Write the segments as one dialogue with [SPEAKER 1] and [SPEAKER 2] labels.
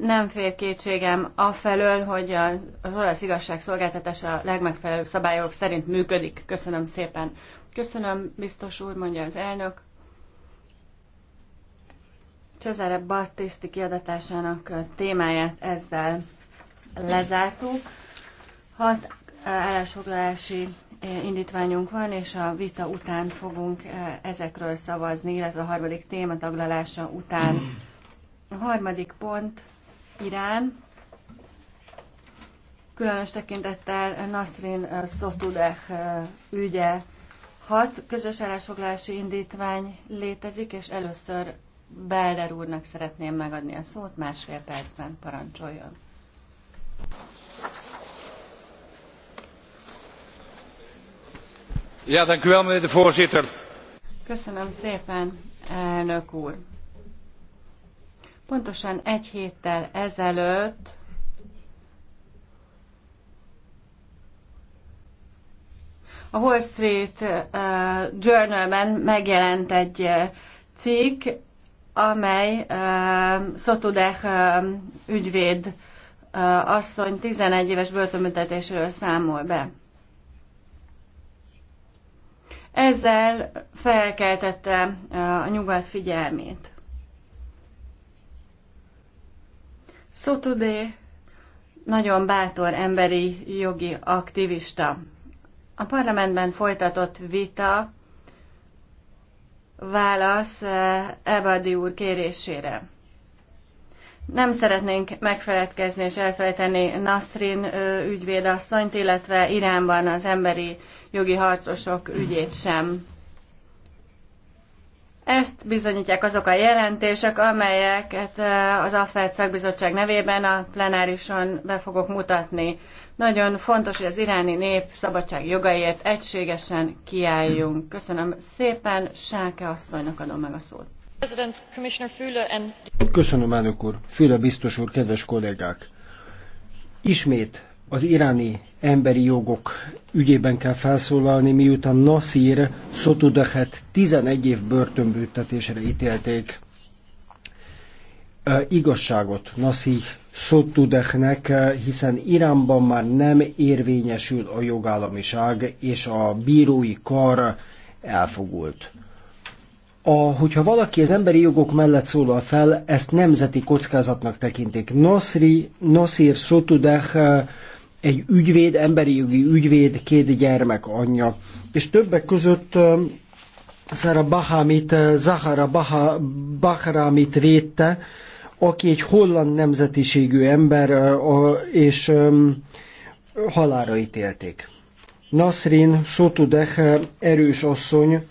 [SPEAKER 1] nem fér kétségem afelől, hogy az, az olasz igazságszolgáltatás a legmegfelelőbb szabályok szerint működik. Köszönöm szépen. Köszönöm, biztos úr, mondja az elnök. Cesare Battisti kiadatásának témáját ezzel lezártuk. Hat állásfoglalási indítványunk van, és a vita után fogunk ezekről szavazni, illetve a harmadik téma taglalása után. A harmadik pont Irán, különös tekintettel Nasrin Sotudeh eh, ügye. Hat közös állásfoglalási indítvány létezik, és először Belder úrnak szeretném megadni a szót, másfél percben parancsoljon. Ja, dank u wel, meneer de voorzitter. Köszönöm szépen, elnök úr. Pontosan egy héttel ezelőtt a Wall Street uh, Journalben megjelent egy uh, cikk, amely uh, Szotudek uh, um, ügyvéd uh, asszony 11 éves börtönbüntetésről számol be. Ezzel felkeltette uh, a nyugat figyelmét. Szotudé nagyon bátor emberi jogi aktivista. A parlamentben folytatott vita válasz eh, Ebadi úr kérésére. Nem szeretnénk megfeledkezni és elfelejteni Nasrin eh, ügyvédasszonyt, illetve Iránban az emberi jogi harcosok ügyét sem. Ezt bizonyítják azok a jelentések, amelyeket az AFED szakbizottság nevében a plenárison be fogok mutatni. Nagyon fontos, hogy az iráni nép szabadság jogaiért egységesen kiálljunk. Köszönöm szépen, Sáke asszonynak adom meg a szót.
[SPEAKER 2] Köszönöm, elnök úr. Füle biztos úr, kedves kollégák! Ismét az iráni emberi jogok ügyében kell felszólalni, miután Nasir Sotudahet 11 év börtönbüntetésre ítélték. E, igazságot Nasir Sotudehnek, hiszen Iránban már nem érvényesül a jogállamiság, és a bírói kar elfogult. A, hogyha valaki az emberi jogok mellett szólal fel, ezt nemzeti kockázatnak tekintik. Nasri, Nasir Sotudeh egy ügyvéd, emberi jogi ügyvéd, két gyermek anyja. És többek között Zara um, Bahamit, uh, Zahara Baha, Bahramit védte, aki egy holland nemzetiségű ember, uh, és um, halára ítélték. Nasrin Sotudeh uh, erős asszony,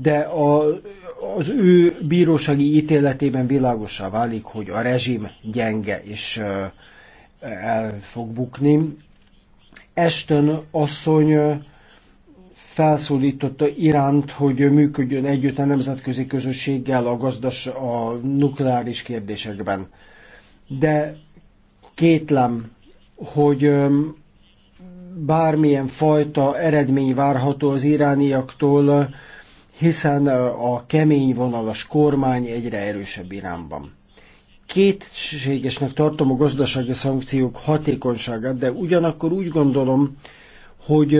[SPEAKER 2] de a, az ő bírósági ítéletében világosá válik, hogy a rezsim gyenge és el fog bukni. Esten asszony felszólította Iránt, hogy működjön együtt a nemzetközi közösséggel a gazdas a nukleáris kérdésekben. De kétlem, hogy bármilyen fajta eredmény várható az irániaktól, hiszen a kemény vonalas kormány egyre erősebb Iránban kétségesnek tartom a gazdasági szankciók hatékonyságát, de ugyanakkor úgy gondolom, hogy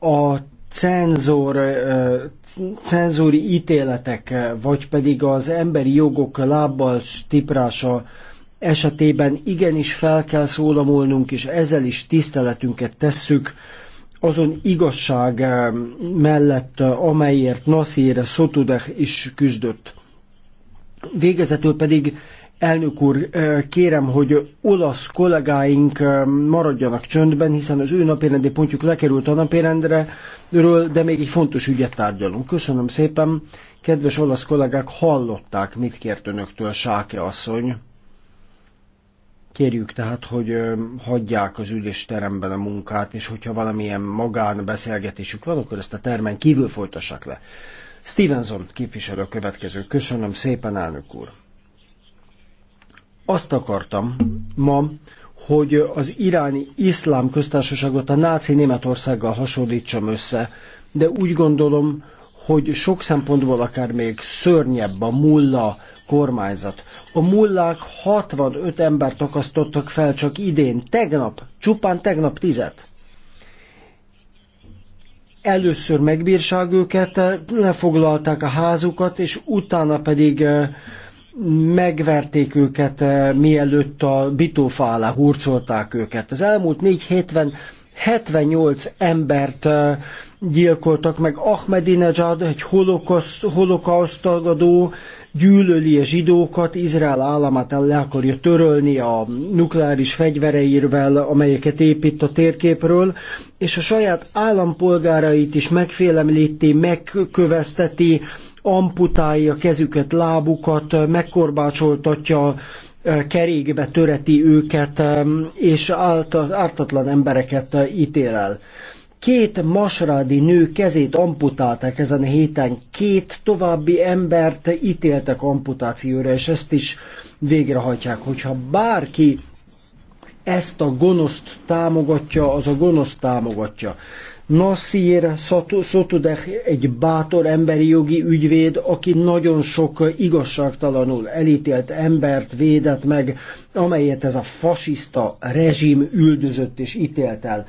[SPEAKER 2] a cenzor, cenzori ítéletek, vagy pedig az emberi jogok lábbal tiprása esetében igenis fel kell szólamolnunk, és ezzel is tiszteletünket tesszük azon igazság mellett, amelyért Nasir Sotudeh is küzdött. Végezetül pedig Elnök úr, kérem, hogy olasz kollégáink maradjanak csöndben, hiszen az ő napirendi pontjuk lekerült a napirendre, de még egy fontos ügyet tárgyalunk. Köszönöm szépen. Kedves olasz kollégák, hallották, mit kért önöktől Sáke asszony. Kérjük tehát, hogy hagyják az ülésteremben a munkát, és hogyha valamilyen magánbeszélgetésük van, akkor ezt a termen kívül folytassák le. Stevenson képviselő a következő. Köszönöm szépen, elnök úr. Azt akartam ma, hogy az iráni iszlám köztársaságot a náci Németországgal hasonlítsam össze, de úgy gondolom, hogy sok szempontból akár még szörnyebb a mulla kormányzat. A mullák 65 embert akasztottak fel csak idén, tegnap, csupán tegnap tizet először megbírság őket, lefoglalták a házukat, és utána pedig eh, megverték őket, eh, mielőtt a bitófa alá hurcolták őket. Az elmúlt négy hétben 78 embert eh, gyilkoltak meg. Ahmedinejad, egy holokausztagadó, gyűlöli a zsidókat, Izrael államát el le akarja törölni a nukleáris fegyvereivel, amelyeket épít a térképről, és a saját állampolgárait is megfélemlíti, megkövezteti, amputálja kezüket, lábukat, megkorbácsoltatja, e, kerékbe töreti őket, e, és ártatlan embereket e, ítél el. Két masrádi nő kezét amputálták ezen a héten, két további embert ítéltek amputációra, és ezt is végrehajtják. Hogyha bárki ezt a gonoszt támogatja, az a gonoszt támogatja. Nasir Sotudeh egy bátor emberi jogi ügyvéd, aki nagyon sok igazságtalanul elítélt embert védett meg, amelyet ez a fasiszta rezsim üldözött és ítélt el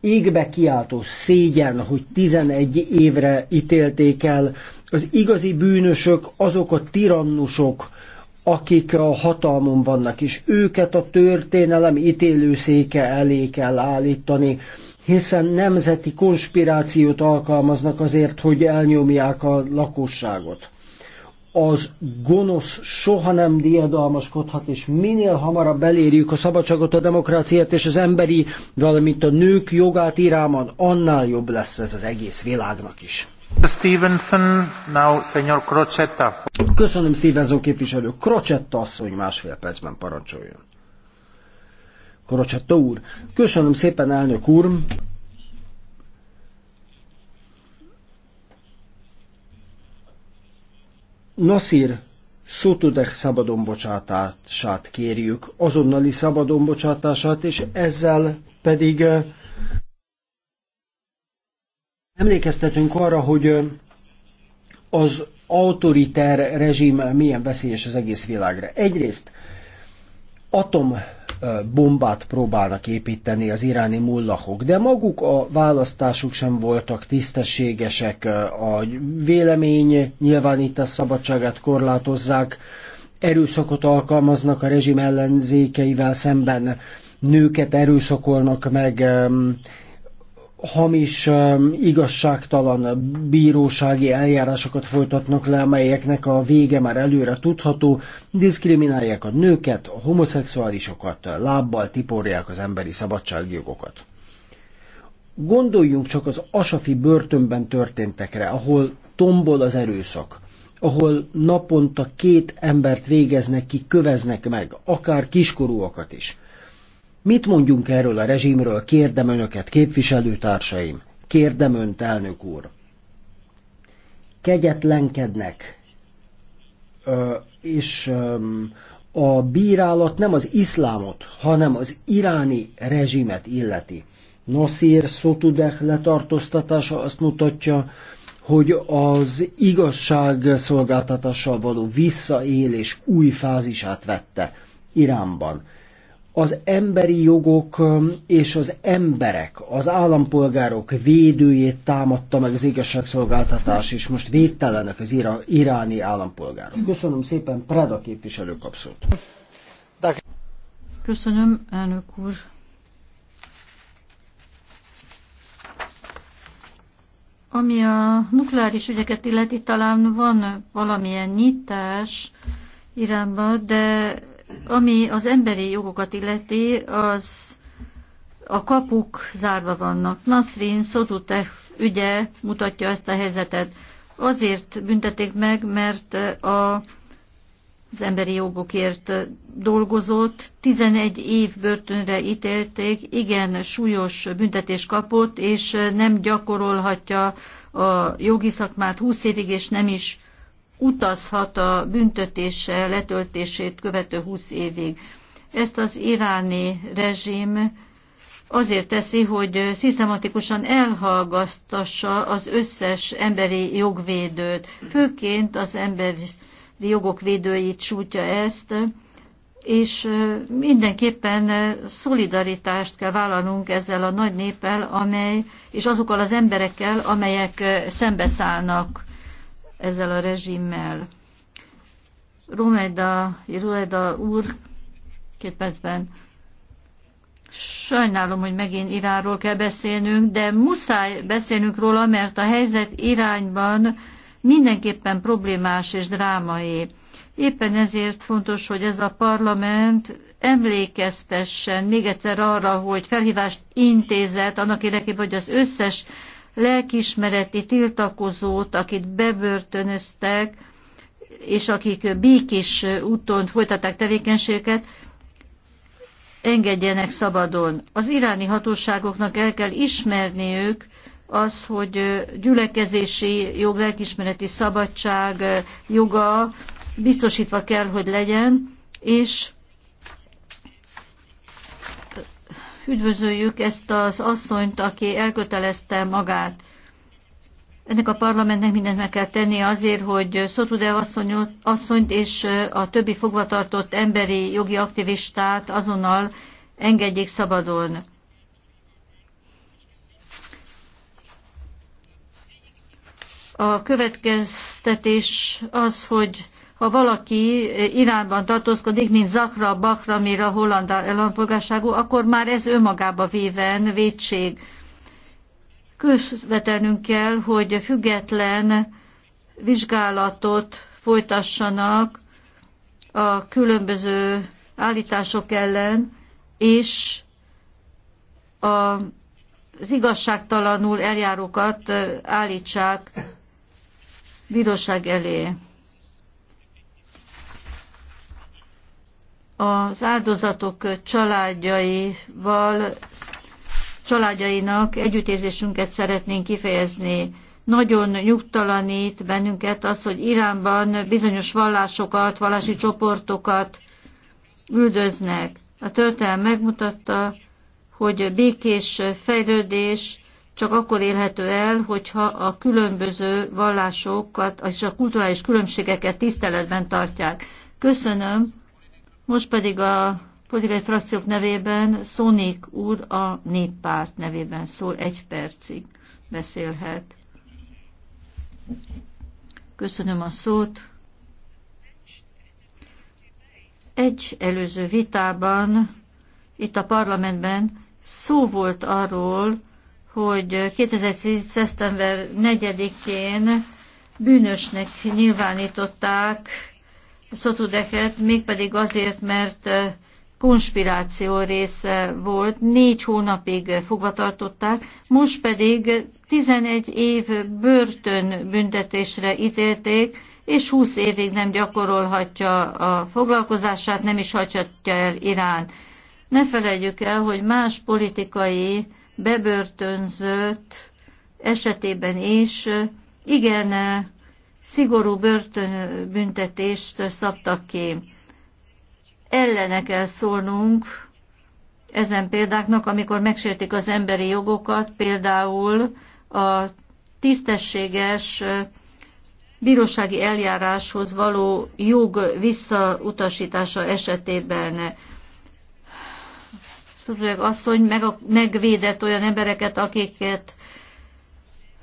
[SPEAKER 2] égbe kiáltó szégyen, hogy 11 évre ítélték el. Az igazi bűnösök azok a tirannusok, akik a hatalmon vannak, és őket a történelem ítélőszéke elé kell állítani, hiszen nemzeti konspirációt alkalmaznak azért, hogy elnyomják a lakosságot az gonosz soha nem diadalmaskodhat, és minél hamarabb elérjük a szabadságot, a demokráciát és az emberi, valamint a nők jogát irámad annál jobb lesz ez az egész világnak is. Stevenson, now Senor Crocetta. Köszönöm Stevenson képviselő. Crocetta asszony másfél percben parancsoljon. Crocetta úr. Köszönöm szépen, elnök úr. Nasir Szotudek szabadonbocsátását kérjük, azonnali szabadonbocsátását, és ezzel pedig emlékeztetünk arra, hogy az autoriter rezsim milyen veszélyes az egész világra. Egyrészt atom bombát próbálnak építeni az iráni mullahok, de maguk a választásuk sem voltak tisztességesek, a vélemény nyilvánítás szabadságát korlátozzák, erőszakot alkalmaznak a rezsim ellenzékeivel szemben, nőket erőszakolnak meg, hamis, um, igazságtalan bírósági eljárásokat folytatnak le, amelyeknek a vége már előre tudható, diszkriminálják a nőket, a homoszexuálisokat, lábbal tiporják az emberi szabadságjogokat. Gondoljunk csak az Asafi börtönben történtekre, ahol tombol az erőszak, ahol naponta két embert végeznek ki, köveznek meg, akár kiskorúakat is – Mit mondjunk erről a rezsimről? Kérdem önöket, képviselőtársaim. Kérdem önt, elnök úr. Kegyetlenkednek. Ö, és ö, a bírálat nem az iszlámot, hanem az iráni rezsimet illeti. Nasir Sotudeh letartóztatása azt mutatja, hogy az igazság szolgáltatással való visszaélés új fázisát vette Iránban az emberi jogok és az emberek, az állampolgárok védőjét támadta meg az igazságszolgáltatás, és most védtelenek az irá- iráni állampolgárok. Köszönöm szépen, Preda képviselő kapszót.
[SPEAKER 3] Köszönöm, elnök úr. Ami a nukleáris ügyeket illeti, talán van valamilyen nyitás irányba, de ami az emberi jogokat illeti, az a kapuk zárva vannak. Nasrin Szotutek ügye mutatja ezt a helyzetet. Azért büntetik meg, mert a az emberi jogokért dolgozott, 11 év börtönre ítélték, igen súlyos büntetés kapott, és nem gyakorolhatja a jogi szakmát 20 évig, és nem is utazhat a büntetése letöltését követő 20 évig. Ezt az iráni rezsim azért teszi, hogy szisztematikusan elhallgattassa az összes emberi jogvédőt. Főként az emberi jogok védőit sújtja ezt, és mindenképpen szolidaritást kell vállalnunk ezzel a nagy néppel, amely, és azokkal az emberekkel, amelyek szembeszállnak ezzel a rezsimmel. Rómeda, Rueda úr, két percben. Sajnálom, hogy megint Iránról kell beszélnünk, de muszáj beszélnünk róla, mert a helyzet irányban mindenképpen problémás és drámai. Éppen ezért fontos, hogy ez a parlament emlékeztessen még egyszer arra, hogy felhívást intézett annak érdekében, hogy az összes lelkismereti tiltakozót, akit bebörtönöztek, és akik békés úton folytatták tevékenységet, engedjenek szabadon. Az iráni hatóságoknak el kell ismerniük az, hogy gyülekezési jog, lelkismereti szabadság joga biztosítva kell, hogy legyen, és Üdvözöljük ezt az asszonyt, aki elkötelezte magát. Ennek a parlamentnek mindent meg kell tennie azért, hogy Szotude asszonyt és a többi fogvatartott emberi jogi aktivistát azonnal engedjék szabadon. A következtetés az, hogy ha valaki Iránban tartózkodik, mint Zahra Bahramira holland állampolgárságú, akkor már ez önmagába véven védség. Közvetelnünk kell, hogy független vizsgálatot folytassanak a különböző állítások ellen, és a, az igazságtalanul eljárókat állítsák bíróság elé. az áldozatok családjaival, családjainak együttérzésünket szeretnénk kifejezni. Nagyon nyugtalanít bennünket az, hogy Iránban bizonyos vallásokat, vallási csoportokat üldöznek. A történelem megmutatta, hogy békés fejlődés csak akkor élhető el, hogyha a különböző vallásokat és a kulturális különbségeket tiszteletben tartják. Köszönöm most pedig a politikai frakciók nevében Szónik úr a néppárt nevében szól, egy percig beszélhet. Köszönöm a szót. Egy előző vitában itt a parlamentben szó volt arról, hogy 2010. szeptember 4-én bűnösnek nyilvánították Szotudeket, mégpedig azért, mert konspiráció része volt, négy hónapig fogvatartották, most pedig 11 év börtön büntetésre ítélték, és 20 évig nem gyakorolhatja a foglalkozását, nem is hagyhatja el Irán. Ne felejtjük el, hogy más politikai bebörtönzött esetében is igen szigorú börtönbüntetést szabtak ki. Ellene kell szólnunk ezen példáknak, amikor megsértik az emberi jogokat, például a tisztességes bírósági eljáráshoz való jog visszautasítása esetében. szóval asszony hogy megvédett olyan embereket, akiket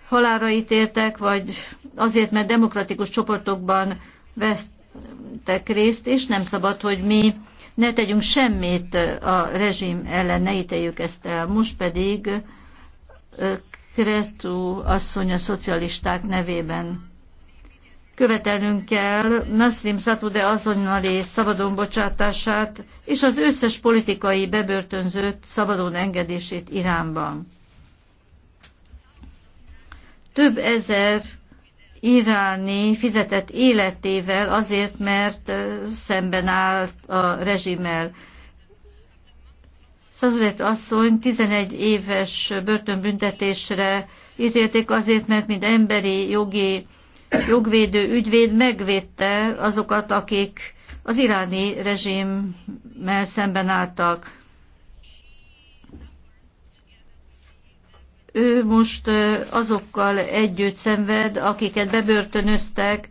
[SPEAKER 3] halára ítéltek, vagy azért, mert demokratikus csoportokban vesztek részt, és nem szabad, hogy mi ne tegyünk semmit a rezsim ellen, ne ítéljük ezt el. Most pedig Kretu asszony a szocialisták nevében. követelünk kell Nasrim Satude azonnali szabadon bocsátását és az összes politikai bebörtönzőt szabadon engedését Iránban több ezer iráni fizetett életével azért, mert szemben állt a rezsimmel. Szazulet asszony 11 éves börtönbüntetésre ítélték azért, mert mint emberi jogi jogvédő ügyvéd megvédte azokat, akik az iráni rezsimmel szemben álltak. ő most azokkal együtt szenved, akiket bebörtönöztek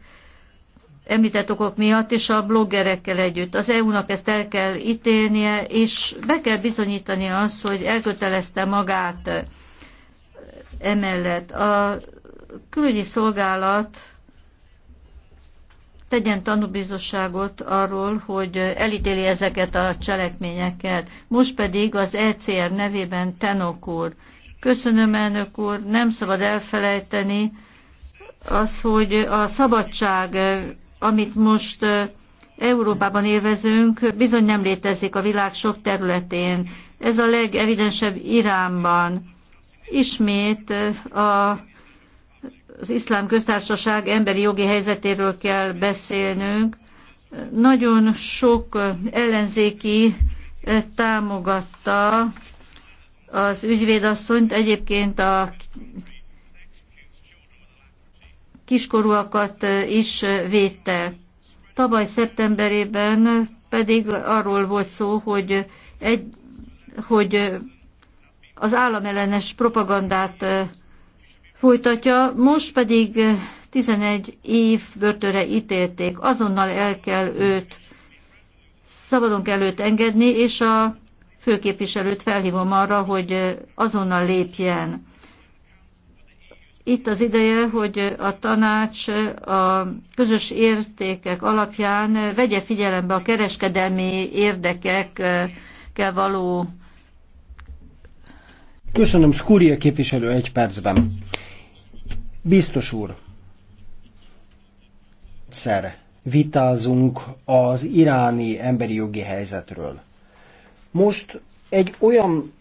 [SPEAKER 3] említett okok miatt, és a bloggerekkel együtt. Az EU-nak ezt el kell ítélnie, és be kell bizonyítani azt, hogy elkötelezte magát emellett. A külügyi szolgálat tegyen tanúbizosságot arról, hogy elítéli ezeket a cselekményeket. Most pedig az ECR nevében Tenok úr Köszönöm, elnök úr, nem szabad elfelejteni az, hogy a szabadság, amit most Európában élvezünk, bizony nem létezik a világ sok területén. Ez a legevidensebb Iránban. Ismét a az iszlám köztársaság emberi jogi helyzetéről kell beszélnünk. Nagyon sok ellenzéki támogatta az ügyvédasszonyt, egyébként a kiskorúakat is védte. Tavaly szeptemberében pedig arról volt szó, hogy, egy, hogy az államellenes propagandát folytatja, most pedig 11 év börtönre ítélték. Azonnal el kell őt, szabadon kell őt engedni, és a főképviselőt felhívom arra, hogy azonnal lépjen. Itt az ideje, hogy a tanács a közös értékek alapján vegye figyelembe a kereskedelmi érdekekkel való.
[SPEAKER 2] Köszönöm, Skúria képviselő, egy percben. Biztos úr, egyszer vitázunk az iráni emberi jogi helyzetről. Most egy olyan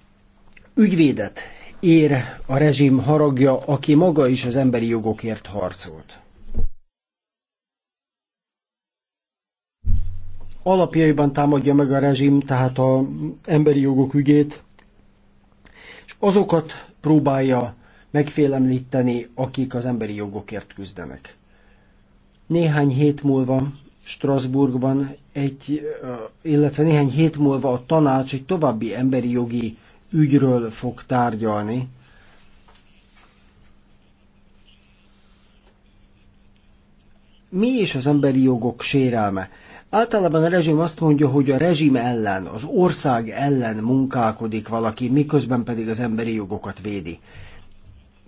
[SPEAKER 2] ügyvédet ér a rezsim haragja, aki maga is az emberi jogokért harcolt. Alapjaiban támadja meg a rezsim, tehát az emberi jogok ügyét, és azokat próbálja megfélemlíteni, akik az emberi jogokért küzdenek. Néhány hét múlva Strasbourgban egy, illetve néhány hét múlva a tanács egy további emberi jogi ügyről fog tárgyalni. Mi is az emberi jogok sérelme? Általában a rezsim azt mondja, hogy a rezsim ellen, az ország ellen munkálkodik valaki, miközben pedig az emberi jogokat védi.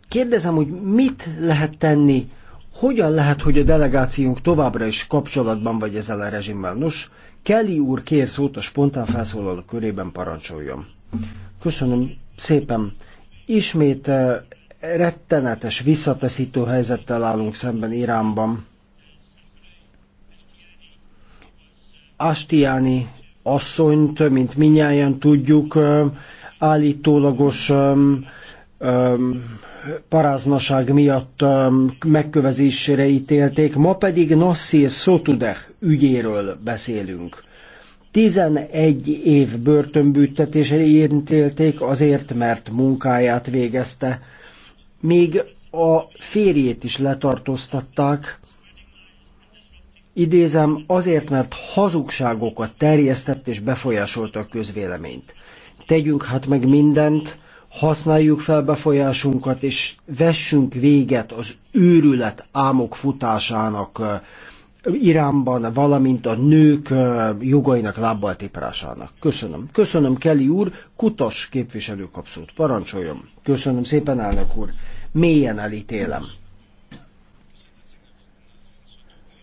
[SPEAKER 2] Kérdezem, hogy mit lehet tenni hogyan lehet, hogy a delegációnk továbbra is kapcsolatban vagy ezzel a rezsimmel? Nos, Kelly úr kér szót a spontán felszólaló körében parancsoljon. Köszönöm szépen. Ismét eh, rettenetes, visszataszító helyzettel állunk szemben Iránban. Astiani asszonyt, mint minnyáján tudjuk, eh, állítólagos eh, paráznaság miatt megkövezésre ítélték, ma pedig Nassir Sotudeh ügyéről beszélünk. 11 év börtönbüntetésre ítélték azért, mert munkáját végezte. Még a férjét is letartóztatták, idézem, azért, mert hazugságokat terjesztett és befolyásolta a közvéleményt. Tegyünk hát meg mindent, használjuk fel befolyásunkat, és vessünk véget az őrület ámok futásának Iránban, valamint a nők jogainak lábbal tiprásának. Köszönöm. Köszönöm, Kelly úr. Kutas képviselő kapszót. Parancsoljon. Köszönöm szépen, elnök úr. Mélyen elítélem.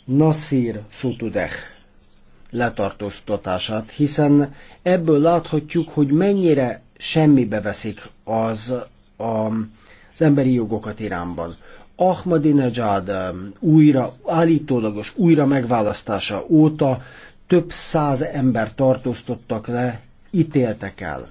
[SPEAKER 2] Nasir Sutudeh letartóztatását, hiszen ebből láthatjuk, hogy mennyire semmibe veszik az, a, az emberi jogokat Iránban. Ahmadinejad um, újra, állítólagos újra megválasztása óta több száz ember tartóztottak le, ítéltek el.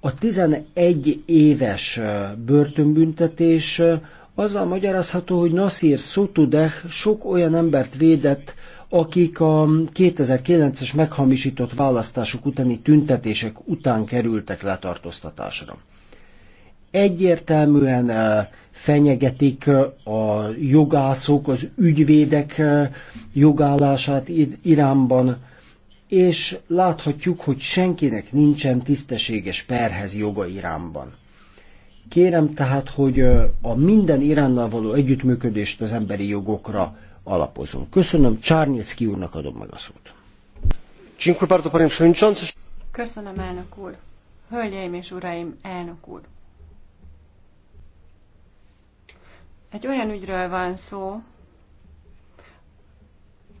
[SPEAKER 2] A 11 éves uh, börtönbüntetés uh, azzal magyarázható, hogy Nasir Sotudeh sok olyan embert védett, akik a 2009-es meghamisított választások utáni tüntetések után kerültek letartóztatásra. Egyértelműen eh, fenyegetik eh, a jogászok, az ügyvédek eh, jogállását Iránban, és láthatjuk, hogy senkinek nincsen tisztességes perhez joga Iránban. Kérem tehát, hogy a minden Iránnal való együttműködést az emberi jogokra alapozunk. Köszönöm, Csárnyecki úrnak adom meg a szót.
[SPEAKER 1] Köszönöm, elnök úr. Hölgyeim és uraim, elnök úr. Egy olyan ügyről van szó,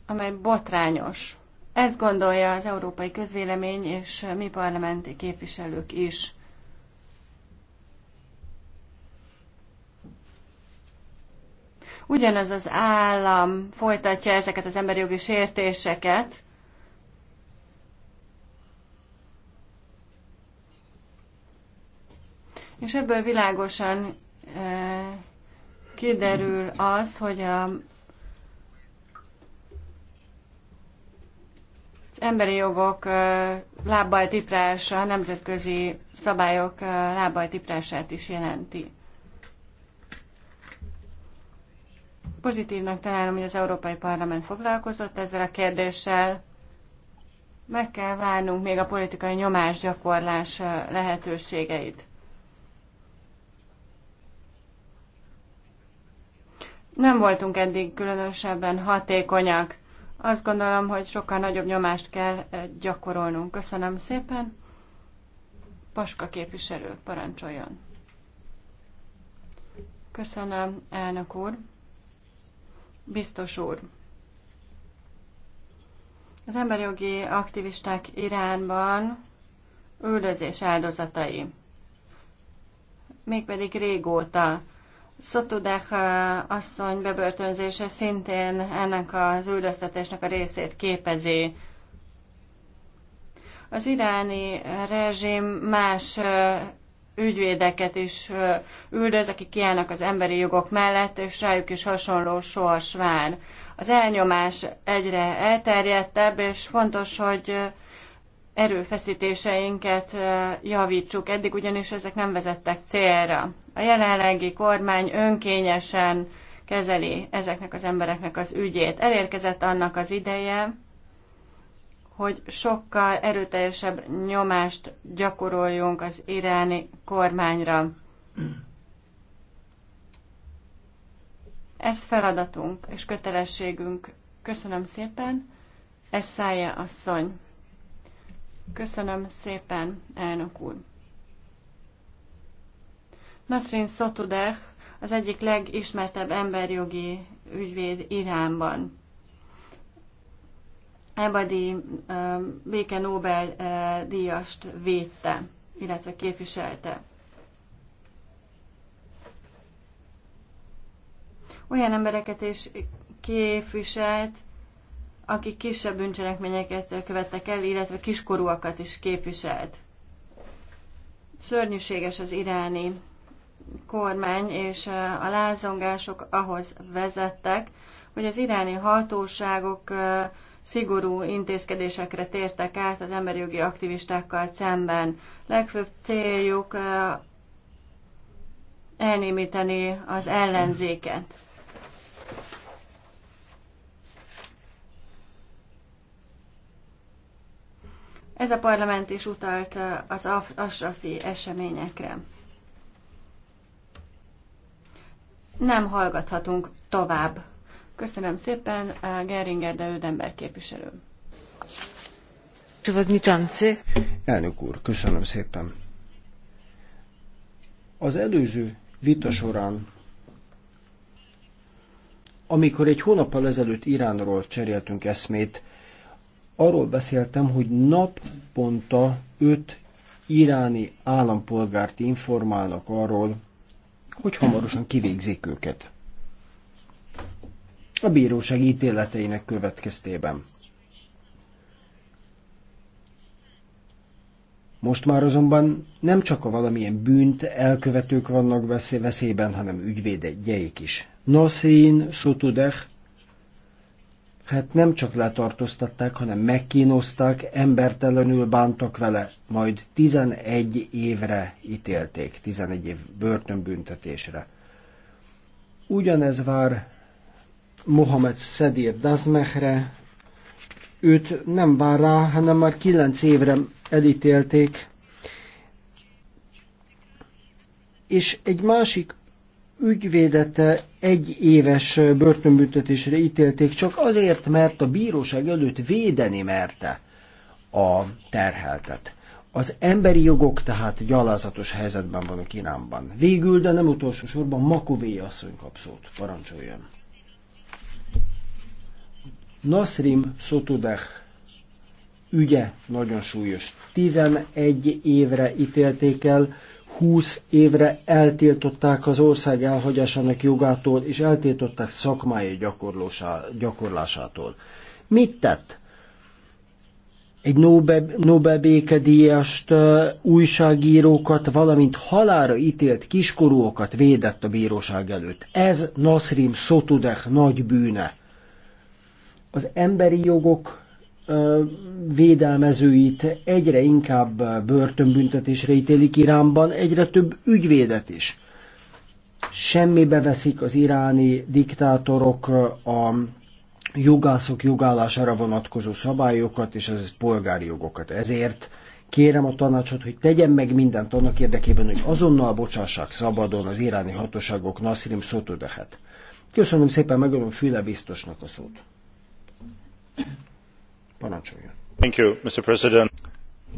[SPEAKER 1] amely botrányos. Ezt gondolja az európai közvélemény és mi parlamenti képviselők is. ugyanaz az állam folytatja ezeket az emberi jogi sértéseket, És ebből világosan e, kiderül az, hogy a, az emberi jogok e, lábbal tiprása nemzetközi szabályok e, lábbal tiprását is jelenti. Pozitívnak találom, hogy az Európai Parlament foglalkozott ezzel a kérdéssel. Meg kell várnunk még a politikai nyomás gyakorlás lehetőségeit. Nem voltunk eddig különösebben hatékonyak. Azt gondolom, hogy sokkal nagyobb nyomást kell gyakorolnunk. Köszönöm szépen. Paska képviselő, parancsoljon. Köszönöm, elnök úr. Biztos úr, az emberjogi aktivisták Iránban üldözés áldozatai, mégpedig régóta. Szotudek uh, asszony bebörtönzése szintén ennek az üldöztetésnek a részét képezi. Az iráni rezsim más uh, ügyvédeket is üldöz, akik kiállnak az emberi jogok mellett, és rájuk is hasonló sors vár. Az elnyomás egyre elterjedtebb, és fontos, hogy erőfeszítéseinket javítsuk. Eddig ugyanis ezek nem vezettek célra. A jelenlegi kormány önkényesen kezeli ezeknek az embereknek az ügyét. Elérkezett annak az ideje, hogy sokkal erőteljesebb nyomást gyakoroljunk az iráni kormányra. Ez feladatunk és kötelességünk. Köszönöm szépen. Ez szája asszony. Köszönöm szépen, elnök úr. Nasrin Sotudeh az egyik legismertebb emberjogi ügyvéd Iránban. Ebadi béke Nobel díjast védte, illetve képviselte. Olyan embereket is képviselt, akik kisebb bűncselekményeket követtek el, illetve kiskorúakat is képviselt. Szörnyűséges az iráni kormány, és a lázongások ahhoz vezettek, hogy az iráni hatóságok szigorú intézkedésekre tértek át az emberi jogi aktivistákkal szemben. Legfőbb céljuk eh, elnémíteni az ellenzéket. Ez a parlament is utalt eh, az Asrafi eseményekre. Nem hallgathatunk tovább. Köszönöm szépen, Geringer de ember képviselő.
[SPEAKER 2] Elnök úr, köszönöm szépen. Az előző vita során, amikor egy hónappal ezelőtt Iránról cseréltünk eszmét, arról beszéltem, hogy naponta öt iráni állampolgárt informálnak arról, hogy hamarosan kivégzik őket a bíróság ítéleteinek következtében. Most már azonban nem csak a valamilyen bűnt elkövetők vannak veszélyben, hanem ügyvédegyeik is. Nasrin Sotudeh hát nem csak letartóztatták, hanem megkínozták, embertelenül bántak vele, majd 11 évre ítélték, 11 év börtönbüntetésre. Ugyanez vár Mohamed Szedir Dazmehre. Őt nem vár rá, hanem már kilenc évre elítélték. És egy másik ügyvédete egy éves börtönbüntetésre ítélték, csak azért, mert a bíróság előtt védeni merte a terheltet. Az emberi jogok tehát gyalázatos helyzetben vannak Iránban. Végül, de nem utolsó sorban Makové asszony kap szót. Parancsoljon! Nasrim Sotudeh ügye nagyon súlyos. 11 évre ítélték el, 20 évre eltiltották az ország elhagyásának jogától, és eltiltották szakmai gyakorlásától. Mit tett? Egy Nobel, Nobel békedíjast, újságírókat, valamint halára ítélt kiskorúokat védett a bíróság előtt. Ez Nasrim Sotudeh nagy bűne az emberi jogok védelmezőit egyre inkább börtönbüntetésre ítélik Iránban, egyre több ügyvédet is. Semmibe veszik az iráni diktátorok a jogászok jogállására vonatkozó szabályokat és az polgári jogokat. Ezért kérem a tanácsot, hogy tegyen meg mindent annak érdekében, hogy azonnal bocsássák szabadon az iráni hatóságok Nasrim Sotodehet. Köszönöm szépen, megadom Füle biztosnak a szót. Parancsoljon. Thank you, Mr. President.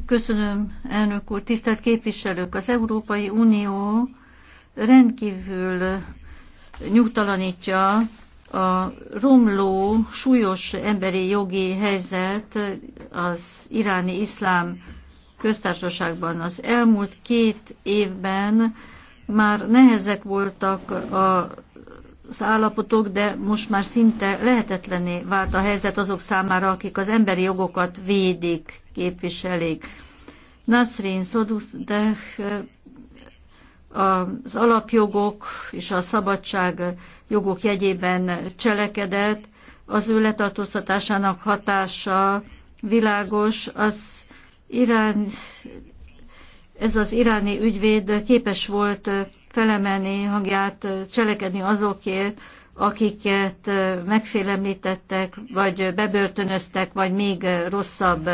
[SPEAKER 3] Köszönöm, elnök úr. Tisztelt képviselők, az Európai Unió rendkívül nyugtalanítja a romló, súlyos emberi jogi helyzet az iráni iszlám köztársaságban. Az elmúlt két évben már nehezek voltak a az állapotok, de most már szinte lehetetlené vált a helyzet azok számára, akik az emberi jogokat védik, képviselik. Nasrin Sodudeh az alapjogok és a szabadság jogok jegyében cselekedett, az ő letartóztatásának hatása világos, az Irán, ez az iráni ügyvéd képes volt felemelni hangját, cselekedni azokért, akiket megfélemlítettek, vagy bebörtönöztek, vagy még rosszabb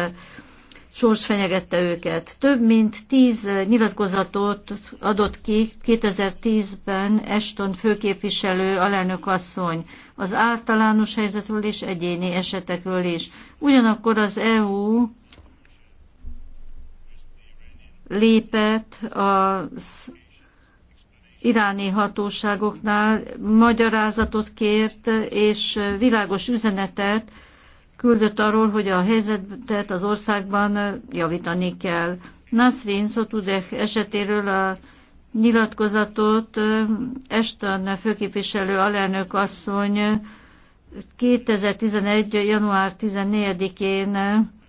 [SPEAKER 3] sors fenyegette őket. Több mint tíz nyilatkozatot adott ki 2010-ben Eston főképviselő alelnök asszony az általános helyzetről és egyéni esetekről is. Ugyanakkor az EU lépett az iráni hatóságoknál magyarázatot kért, és világos üzenetet küldött arról, hogy a helyzetet az országban javítani kell. Nasrin Szotudeh esetéről a nyilatkozatot Eston főképviselő alelnök asszony 2011. január 14-én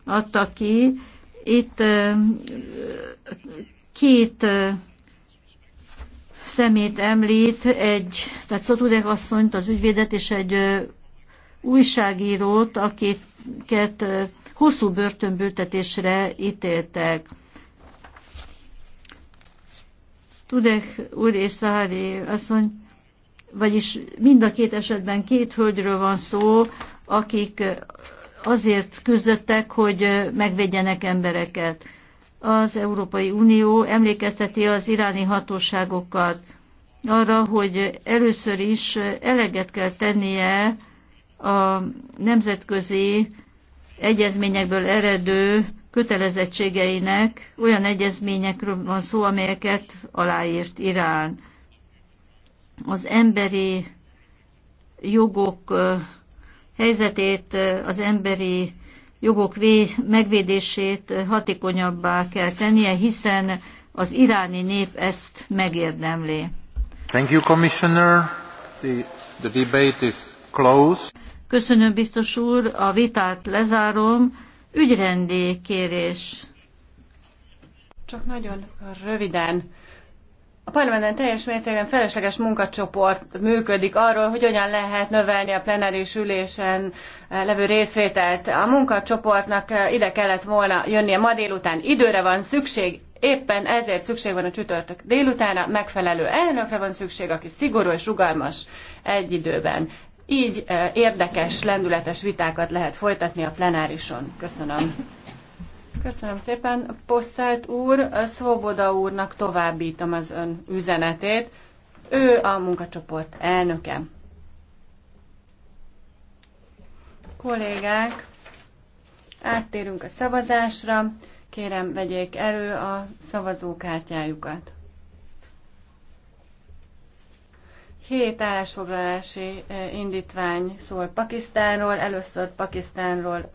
[SPEAKER 3] adta ki. Itt két szemét említ, egy, tehát Szotudek asszonyt, az ügyvédet és egy újságírót, akiket hosszú börtönbüntetésre ítéltek. Tudek úr és Szahári asszony, vagyis mind a két esetben két hölgyről van szó, akik azért küzdöttek, hogy megvédjenek embereket az Európai Unió emlékezteti az iráni hatóságokat arra, hogy először is eleget kell tennie a nemzetközi egyezményekből eredő kötelezettségeinek, olyan egyezményekről van szó, amelyeket aláírt Irán. Az emberi jogok eh, helyzetét, eh, az emberi jogok megvédését hatékonyabbá kell tennie, hiszen az iráni nép ezt megérdemli. Thank you, Commissioner. The, the debate is closed. Köszönöm, biztos úr. A vitát lezárom. Ügyrendi kérés.
[SPEAKER 1] Csak nagyon röviden. A parlamenten teljes mértékben felesleges munkacsoport működik arról, hogy hogyan lehet növelni a plenáris ülésen eh, levő részvételt. A munkacsoportnak eh, ide kellett volna jönnie ma délután. Időre van szükség, éppen ezért szükség van a csütörtök délutánra, megfelelő elnökre van szükség, aki szigorú és rugalmas egy időben. Így eh, érdekes, lendületes vitákat lehet folytatni a plenárison. Köszönöm. Köszönöm szépen. Posztelt úr, Szvoboda úrnak továbbítom az ön üzenetét. Ő a munkacsoport elnöke. Kollégák, áttérünk a szavazásra. Kérem, vegyék elő a szavazókártyájukat. Hét állásfoglalási eh, indítvány szól Pakisztánról, először Pakisztánról